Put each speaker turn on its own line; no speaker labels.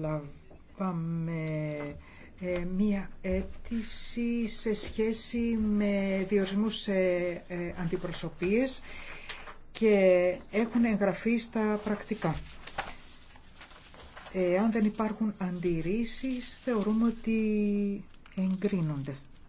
λάβαμε ε, μία αίτηση σε σχέση με διορισμούς σε ε, αντιπροσωπείες και έχουν εγγραφεί στα πρακτικά. Ε, αν δεν υπάρχουν αντιρρήσεις, θεωρούμε ότι εγκρίνονται.